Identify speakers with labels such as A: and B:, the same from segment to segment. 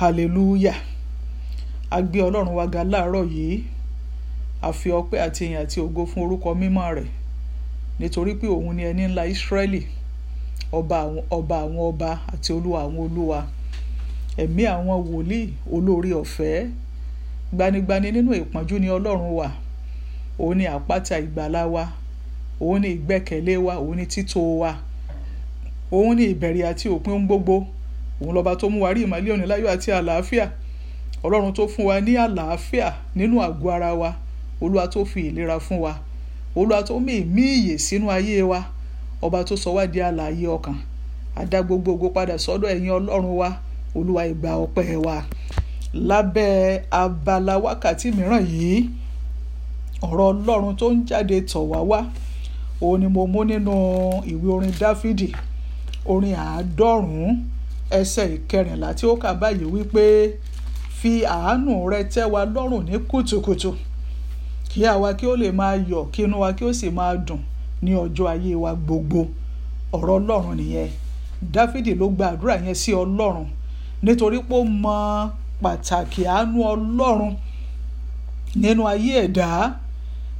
A: hallelujah a gbé ọlọ́run wa ga láàárọ̀ yìí a fi ọpẹ́ àti ìyìn àti ògo fún orúkọ mímọ́ rẹ̀ nítorí pé òun ni ẹni ńlá ìsírẹ́lì ọba àwọn ọba àwọn ọba àti olúwa àwọn olúwa ẹ̀mí àwọn wòlíì olóore ọ̀fẹ́ gbanigbani nínú ìpọ́njú ni ọlọ́run wà òun ni àpáta ìgbàlá wa òun ni ìgbẹ́kẹ̀lé wa òun ni títò wa òun ni ìbẹ̀rẹ̀ àti òpin gbogbo òun lọ́ba tó mú wa rí ìmọ́lẹ̀ òní láyọ̀ àti àlàáfíà ọlọ́run tó fún wa ní àlàáfíà nínú àgọ́ ara wa olúwa tó fi ìlera fún wa olúwa tó mú ìmí ìyè sínú ayé wa ọba tó sọ wá di alààyè ọkàn àdá gbogbo ògo padà sọ́dọ̀ ẹ̀yin ọlọ́run wa olúwa ìgbà ọpẹ́ wa lábẹ́ abala wákàtí mìíràn yìí ọ̀rọ̀ ọlọ́run tó ń jáde tọ̀ wá wá òun ni mo mú nínú ìwé orin dáfídì orin àádọ́rùn-ún ẹsẹ̀ ìkẹrìnlá tí ó kà báyìí wípé fi àánú rẹ tẹ́ wa lọ́rùn ní kùtùkùtù kí àwa kí ó lè máa yọ̀ kí inú wa kí ó sì máa dùn ní ọjọ́ ayé wa gbogbo ọ̀rọ̀ ọlọ́run nìyẹn dáfídì ló gba àdúrà yẹn sí ọlọ́run nítorí pé ó mọ pàtàkì àánú ọlọ́run nínú ayé ẹ̀dá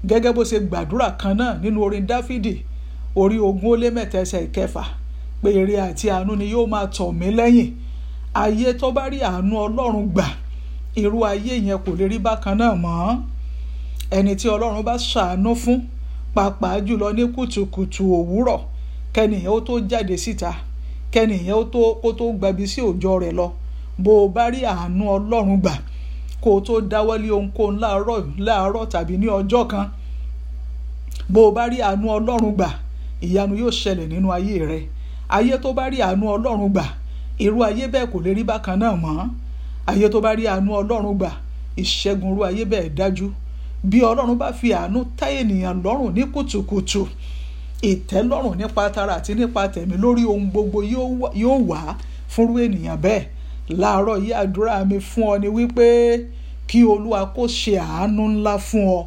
A: gẹ́gẹ́ bó ṣe gbàdúrà kan náà nínú orin dáfídì orí ogún ó lé mẹ́ta ẹsẹ̀ ìkẹfà pé eré àti àánú ni yóò máa tọ̀ mí lẹ́yìn ayé tó bá rí àánú ọlọ́run gbà irú ayé yẹn kò lè rí bákan náà mọ́ ẹni tí ọlọ́run bá ṣàánú fún pàápàá jùlọ ní kùtùkùtù òwúrọ̀ kẹ́nìyàn ó tó jáde síta kẹ́nìyàn ó tó kó tó gbabi sí òòjọ́ rẹ̀ lọ bó o bá rí àánú ọlọ́run gbà kó o tó dáwọ́lé ohunkóhun láàárọ̀ láàárọ̀ tàbí ní ọjọ́ kan bó o bá rí àánú ọlọ́run gbà ìyanu yóò ṣẹlẹ̀ nínú ayé rẹ̀ ayé tó bá rí àánú ọlọ́run gbà irú ayé bẹ́ẹ̀ kò lè rí bákan náà mọ́ ayé tó bá rí àánú ọlọ́run gbà ìṣẹ́gun irú ayé bẹ́ẹ̀ dájú bí ọlọ́run bá fi àánú tá ènìyàn lọ́rùn ní kùtùkùtù ìtẹ́lọ́rùn nípa tara àti nípa tẹ̀mí lórí ohun gbogbo yóò wá fúnrú ènìyàn bẹ́ẹ̀ láàárọ̀ yìí àdúrà mi fún ọ ni wípé kí olúwa kó ṣe àánú ńlá fún ọ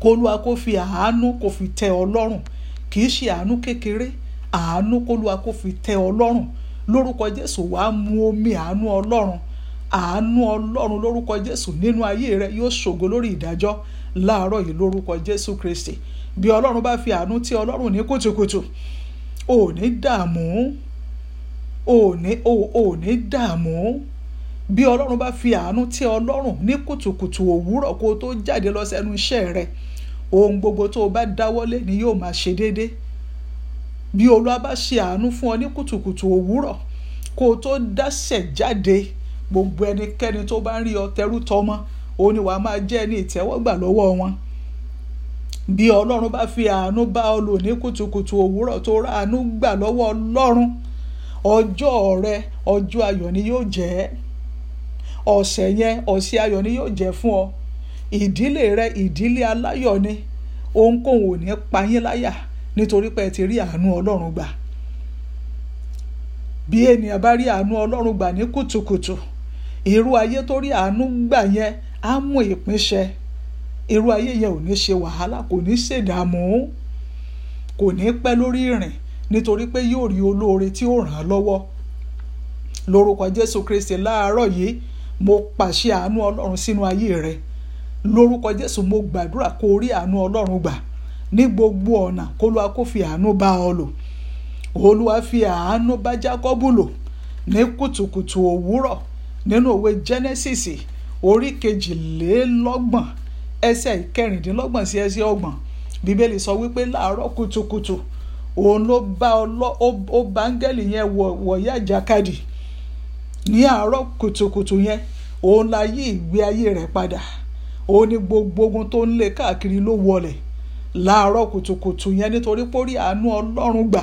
A: kó olúwa kó fi àánú kó fi tẹ́ ọ lọ́rùn kì í ṣe àánú kékeré àánú kólúwa kó fi tẹ ọ lọ́rùn lórúkọ jésù wàá mu omi àánú ọlọ́run àánú ọlọ́run lórúkọ jésù nínú ayé rẹ yóò ṣògo lórí ìdájọ́ láàárọ̀ yìí lórúkọ jésù kristi bí ọlọ́run bá fi àánú tí ọlọ́run ní kùtùkùtù ò ní dààmú ò ní ò ò ní dààmú bí ọlọ́run bá fi àánú tí ọlọ́run ní kùtùkùtù òwúrọ̀ kó tó jáde lọ sẹ́nu iṣẹ́ rẹ ohun gbogbo tó o bá dáwọ́lé ni yóò máa ṣe déédéé bí olúwa bá ṣe àánú fún ọ ní kùtùkùtù òwúrọ̀ kó o tó dáṣẹ̀ jáde gbogbo ẹnikẹ́ni tó bá ń rí ọ tẹrú tọmọ òun ni wàá máa jẹ́ ẹni ìtẹ́wọ́gbà lọ́wọ́ wọn bí ọlọ́run bá fi àánú bá ọ lò ní kùtùkùtù òwúrọ̀ tó ra àánú gbà lọ́wọ́ ọlọ́run ọjọ́ rẹ ọjọ́ ayọ̀ ni yóò jẹ́ ọ̀sẹ̀ yẹn ọ̀sẹ̀ ayọ̀ ni yóò jẹ́ fún ọ ìdílé rẹ ìdílé aláyọ̀ ni ohunkóhun ò ní pa yín láyà nítorí pé ẹ ti rí àánú ọlọ́run gbà bí ènìyàn bá rí àánú ọlọ́run gbà ní kùtùkùtù irú ayé tó rí àánú gbà yẹn á mú ìpínṣẹ irú ayé yẹn ò ní ṣe wàhálà kò ní ṣèdààmú kò ní pẹ́ lórí ìrìn nítorí pé yóò rí olóore tí ó ràn án lọ́wọ́ lórúkọ Jésù Kristi láàárọ̀ yìí mo pàṣẹ àánú ọlọ́run sínú ayé rẹ lórúkọ Jésù mo gbàdúrà kó o rí àánú ọlọ́run gbà ní gbogbo ọ̀nà kólúwa kó fi àánú bá ọ lò olúwa fi àánú bá Jákọ́bù lò ní kùtùkùtù òwúrọ̀ nínú òwe Genesis orí kejìlélọ́gbọ̀n ẹsẹ̀ ìkẹrìndínlọ́gbọ̀n sí ẹsẹ̀ ọgbọ̀n bíbélì sọ wípé láàárọ̀ kùtùkùtù òun ló bá ọlọ́ ó bá áńgẹ́lì yẹn wọ̀ọ́yà jákàdì ní àárọ̀ kùtùkùtù yẹn òun la yí ìgbé ayé rẹ̀ padà òun ni gbogbo ogun tó ń lé káàkiri ló wọlẹ̀ láàárọ̀ kùtùkùtù yẹn nítorí pé ó rí àánú ọlọ́run gbà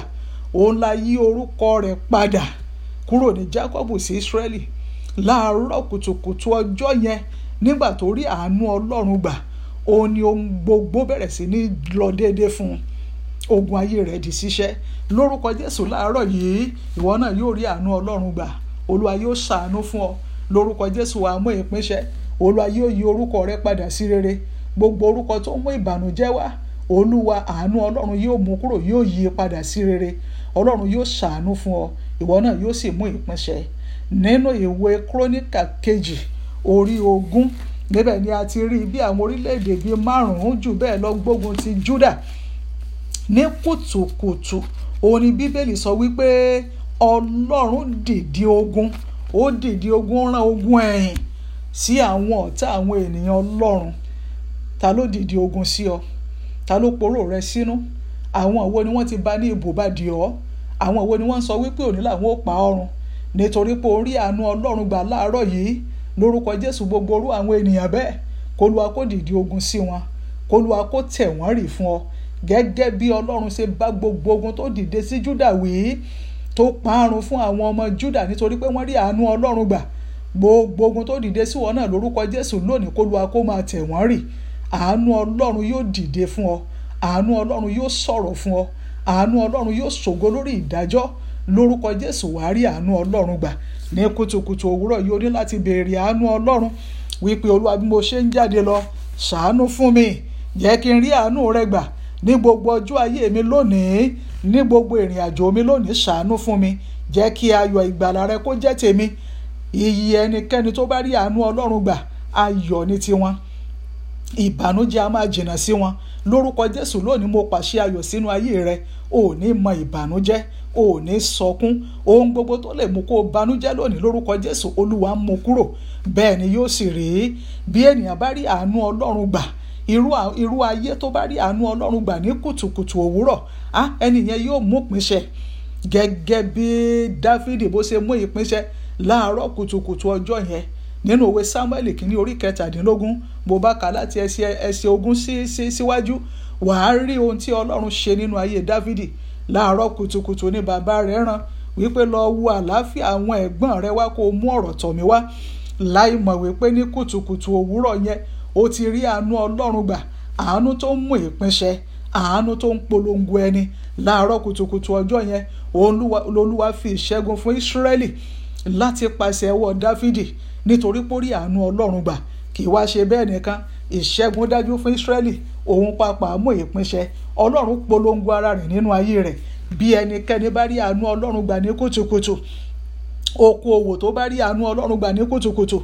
A: òun la yí orúkọ rẹ̀ padà kúrò ní Jákọ́bù sí Ísírẹ́lì láàárọ̀ kùtùkùtù ọjọ́ yẹn nígbà tó rí àánú ọlọ́run gbà òun ni ohun gbogbo bẹ̀rẹ̀ sí ní lọ déédéé fún un ogun ayé rẹ̀ di ṣíṣẹ́ lórúkọ Jésù láàárọ̀ yìí ìwọ náà yóò rí àánú ọlọ́run gbà Olúwa yóò ṣàánú fún ọ lórúkọ Jésù wàá mú ìpínṣẹ Olúwa yóò yí orúkọ rẹ padà sí rere gbogbo orúkọ tó mú ìbànújẹ́ wá olúwa àánú ọlọ́run yóò mú kúrò yóò yí i padà sí rere ọlọ́run yóò ṣàánú fún ọ ìwọ náà yóò sì mú ìpínṣẹ nínú ìwé kúrónìkà kejì orí ogún níbẹ̀ ni a ti rí bí àwọn orílẹ̀-èdè bíi márùn-ún jù bẹ́ẹ̀ lọ gbógun ti Júdà ní kùtùkùtù òun ni bíbélì sọ wípé ọlọ́run dìde ogun ó dìde ogun rán ogun ẹ̀yìn sí àwọn ọ̀tá àwọn ènìyàn ọlọ́run ta ló dìde ogun sí ọ. Si ta ló poró rẹ sínú àwọn òwo ni wọ́n ti ba ní ibò bá di ọ́ àwọn òwo ni wọ́n sọ wípé òní làwọn ò pa ọrùn nítorí pé orí àánú ọlọ́run gbà láàárọ̀ yìí lórúkọ jésù gbogbo orú àwọn ènìyàn bẹ́ẹ̀ kólúwa kó dìde ogun sí wọn kólúwa kó tẹ̀ wọ́n rì fún ọ gẹ́gẹ́ bí ọlọ́run ṣe bá gbogbo ogun tó dìde sí júdà wí tó parun fún àwọn ọmọ júdà nítorí pé wọ́n rí àánú ọlọ́run gbà gbogbo ogun tó dìde sí wọn náà lórúkọ jésù lónìí kólúwa kó máa tẹ̀ wọ́n rì àánú ọlọ́run yóò dìde fún ọ àánú ọlọ́run yóò sọ̀rọ̀ fún ọ àánú ọlọ́run yóò ṣògo lórí ìdájọ́ lórúkọ jésù wàá rí àánú ọlọ́run gbà ní kùtùkùtù òwúrọ̀ yìí o ní láti béèrè àánú ọlọ́run wípé olúwa bí mo ṣe ń jáde lọ ṣàánú fún mi jẹ́ kí n rí àánú rẹ gbà ní gbogbo ọjọ́ ayé mi lónìí ní gbogbo ìrìn àjò mi lónìí ṣàánú fún mi jẹ́ kí ayọ̀ ìgbàlà rẹ kó jẹ́ tèmi iyì ẹnikẹ́ni tó bá rí àánú ọlọ́run gbà ayọ̀ ni tiwọn ìbànújẹ́ a máa jìnnà sí wọn lórúkọ jésù lónìí mo pàṣẹ ayọ̀ sínú ayé rẹ ò ní mọ ìbànújẹ́ ò ní sọkún ohun gbogbo tó lè mú kó banújẹ́ lónìí lórúkọ jésù olúwa mú kúrò bẹ́ẹ̀ ni yóò sì rí bí ènìyàn bá rí àánú ọlọ́run gbà irú irú ayé tó bá rí àánú ọlọ́run gbà ní kùtùkùtù òwúrọ̀ ẹni yẹn yóò mú ìpínṣẹ gẹ́gẹ́ bí dáfídì bó ṣe mú ìpínṣẹ láàárọ̀ kùtùkùtù ọjọ́ yẹn nínú òwe samuel kìíní orí kẹtàdínlógún bó bá kà láti ẹsẹ̀ ẹsẹ̀ ogun síwájú wàá rí ohun tí ọlọ́run ṣe nínú ayé dávidi láàárọ̀ kùtùkùtù ni bàbá rẹ̀ rán wípé lọ wu àlàáfíà àwọn ẹ̀gbọ́n rẹ wá kó o mú ọ̀rọ̀ tọ̀ mí wá láì mọ̀ wípé ní kùtùkùtù òwúrọ̀ yẹn ó ti rí àánú ọlọ́run gbà àánú tó ń mú ìpínṣẹ àánú tó ń polongo ẹni láàárọ̀ kùtùkùtù ọjọ́ yẹn olúwa fi ìṣẹ́gun fún ìsírẹ́lì láti pàṣẹ ọwọ́ dáfídì nítorí pórí àánú ọlọ́run gbà kì í wá ṣe bẹ́ẹ̀ nìkan ìṣẹ́gun dájú fún ísírẹ́lì òun pàápàá mú ìpínṣẹ ọlọ́run polongo ara rẹ̀ nínú ayé rẹ̀ bí ẹnikẹ́ni bá rí àánú ọlọ́run gbà ní kùtùkùtù oko òwò tó bá rí àánú ọlọ́run gbà ní kùtùkùtù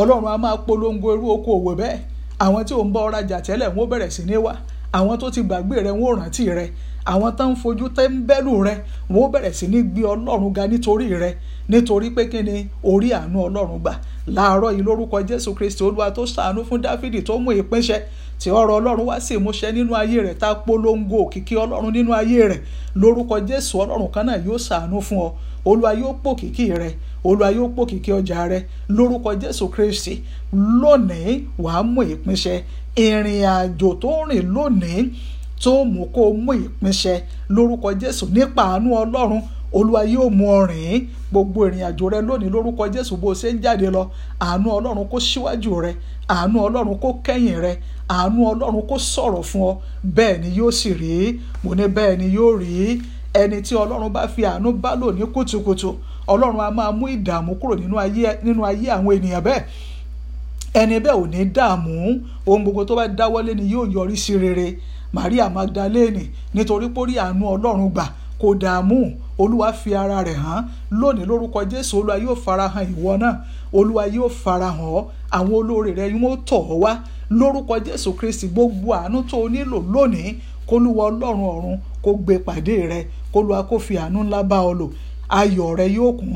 A: ọlọ́run a máa polongo irú oko òwò bẹ́ẹ̀ àwọn tí ò ń bá ọ rajà tẹ́lẹ̀ wọ́n bẹ̀rẹ̀ sí ní wá àwọn tó ti gbàgbé rẹ wọ́n rántí rẹ àwọn tó ń fojú tẹ́ńbẹ́lú rẹ wọ́n ó bẹ̀rẹ̀ sí ní gbé ọlọ́run ga nítorí rẹ nítorí pé kí ni orí àánú ọlọ́run gbà láàárọ̀ yìí lórúkọ jésù kristi olúwa tó ṣàánú fún dáfídì tó mú ìpínṣẹ tí ọ̀rọ̀ ọlọ́run wá sí ìmúṣẹ nínú ayé rẹ̀ tá a polongo òkìkí ọlọ́run nínú ayé rẹ̀ lórúkọ jésù ọlọ́run kan náà yóò ṣàánú fún ọ olúwa yóò pòkìkí rẹ olúwa yóò pòkìkí ọjà rẹ lórúkọ jésù kristi lónìí wàá mú ìpínṣẹ ìrìn àjò tó rìn lónìí tó mú kó mú ìpínṣẹ lórúkọ jésù nípa àánú ọlọ́run olúwa yóò mú ọ rìn gbogbo ìrìn àjò rẹ lónìí lórúkọ jésù bó o ṣe ń jáde lọ àánú ọlọ́run kó síwájú rẹ àánú ọlọ́run kó kẹ́yìn rẹ àánú ọlọ́run kó sọ̀rọ̀ fún ọ bẹ́ẹ̀ ni yóò sì rí mo ní bẹ́ẹ̀ ni yóò rí ẹni tí ọlọ́run bá fi àánú bá lò ní kùtùkùtù ọlọ́run a máa mú ìdààmú kúrò nínú ayé àwọn ènìyàn bẹ́ẹ̀ ẹni bẹ́ẹ̀ ò ní dààmú ohun gbogbo tó bá dáwọ́lé ni yóò yọrí sí rere Maria Magdalene nítorí pórí àánú Ọlọ́run gbà kò dààmú olúwa fi ara rẹ̀ hàn lónìí lórúkọ jésù olúwa yóò farahàn ìwọ náà olúwa yóò farahàn ọ́ àwọn olóore rẹ̀ yóò tọ̀ ọ́ wá lórúkọ jésù kristi gbogbo àánú tó o nílò lónìí kólúwa ọlọ́run ọ̀run kó gbé pàdé rẹ kólúwa kó fi àánú ńlá bá ọ lò ayọ̀ rẹ yóò kún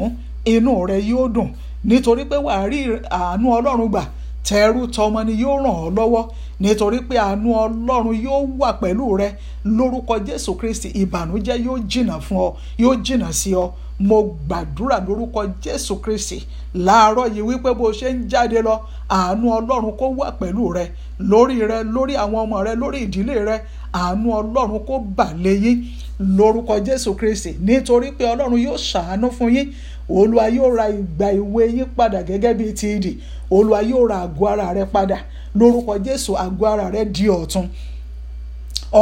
A: inú rẹ yóò dùn nítorí pé wàá rí àánú ọlọ́run gbà tẹrú tọmọ ni yóò ràn ọ́ lọ́wọ́ nítorí pé àánú ọlọ́run yóò wà pẹ̀lú rẹ lórúkọ jésù kristi ìbànújẹ́ yóò jìnnà fún ọ yóò jìnnà sí ọ mo gbàdúrà lórúkọ jésù kristi láàárọ̀ yìí wípé bó ṣe ń jáde lọ àánú ọlọ́run kó wà pẹ̀lú rẹ lórí rẹ lórí àwọn ọmọ rẹ lórí ìdílé rẹ àánú ọlọ́run kó bà lé yín lórúkọ jésù kristi nítorí pé ọlọ́run yóò ṣàánú fún yín olúwa yóò ra ìgbà ìwé yín padà gẹ́gẹ́ bíi ti ìdì olúwa yóò ra àgọ́ ara rẹ padà lórúkọ jésù àgọ́ ara rẹ di ọ̀tun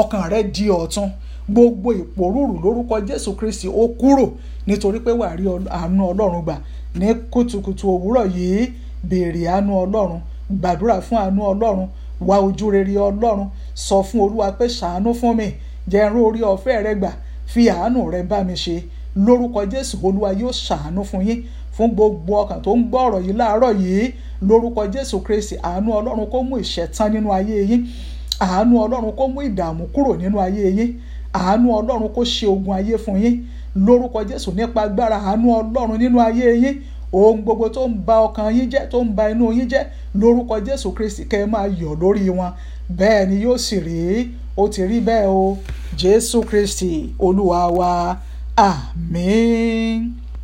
A: ọkàn rẹ di ọ̀tun gbogbo ìpòrúurù lórúkọ jésù kristi ó kúrò nítorí pé wàá rí àánú ọlọ́run gbà ní kùtùkùtù òwúrọ̀ yìí béèrè àánú ọlọ́run gbàdúrà fún àánú ọlọ́run wá ojú rere ọlọ́run sọ fún olúwa pé ṣàánú fún mi jẹ́ n orí ọ̀fẹ́ rẹ gbà fi àánú rẹ bá mi ṣe lórúkọ jésù olúwa yóò ṣàánú fún yín fún gbogbo ọkàn tó ń gbọ́ ọ̀rọ̀ yìí láàárọ̀ yìí lórúkọ jésù kristi àánú ọlọ́run kó mú ìṣẹ̀tàn nínú ayé yín àánú ọlọ́run kó mú ìdààmú kúrò nínú ayé yín àánú ọlọ́run kó ṣe ogun ayé fún yín lórúkọ jésù nípa agbára àánú ọlọ́run nínú ayé yín ohun gbogbo tó ń ba ọkàn yín jẹ́ tó ń ba inú yín jẹ́ lórúkọ jésù kristi kẹ́ ẹ máa yọ̀ lórí wọn bẹ́ẹ̀ ni yóò sì rí ó ti rí bẹ́ẹ̀ o jésù kristi olúwa wa. 阿明。